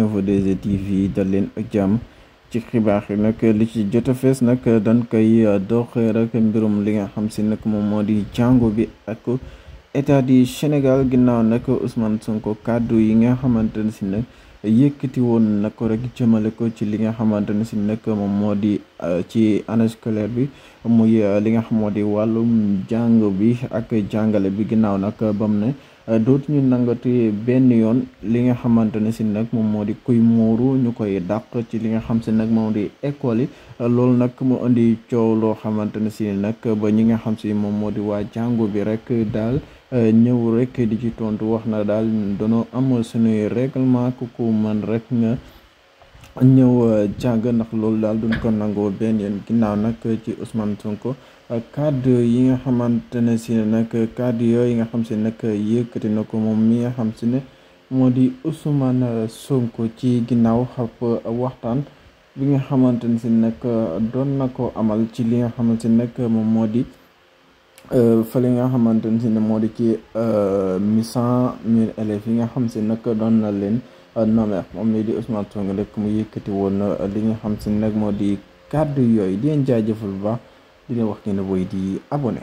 Infos 2S TV ak jàmm ci xibaar yi nag li ci jot a fees nag dan koy euh, doxee rek mbirum li nga xam si nag moom moo di jàngo bi ak état du Sénégal ginnaaw nag Ousmane Sonko kàddu yi nga xamante ne si nag yëkkati woon na rek jëmale ko ci li nga xamante ne si nag moom moo di euh, ci année scolaire bi muy euh, li nga xam moo di wàllum jàng bi ak jàngale bi ginnaaw nag bam ne. Euh, dootuñu nangatu benn yoon li nga xamante ne si nag moom moo di kuy muuru ñu koy dàq ci li nga xam si nag moom di école yi euh, loolu nag mu indi coow loo xamante ne si nag ba ñi nga xam si moom moo di waa jàngu bi rek daal euh, ñëw rek di ci tontu wax na daal danoo am suñuy règlement ku ko mën rek nga. ñëw euh, jàng ndax loolu daal duñ ko nangoo benn yoon ginnaaw nag ci Ousmane Sonko euh, kaddu yi nga xamante ne si nag euh, kaddu yi nga xam si nag yëkkati na ko moom mi nga xam si ne moo di Ousmane Sonko ci ginnaaw xap waxtaan bi nga xamante ne si nag doon na ko amal ci li nga xamante ne nag moom moo di fële nga xamante ne si ne moo di ci mi cent mille élèves yi nga xam si nag doon na leen. Euh, nommé moom mii di Ousmane Sonko rek mu yëkkati woon euh, li nga xam si nag moo di kàddu yooyu di leen jaajëfal bu baax di leen wax ngeen a woy di abone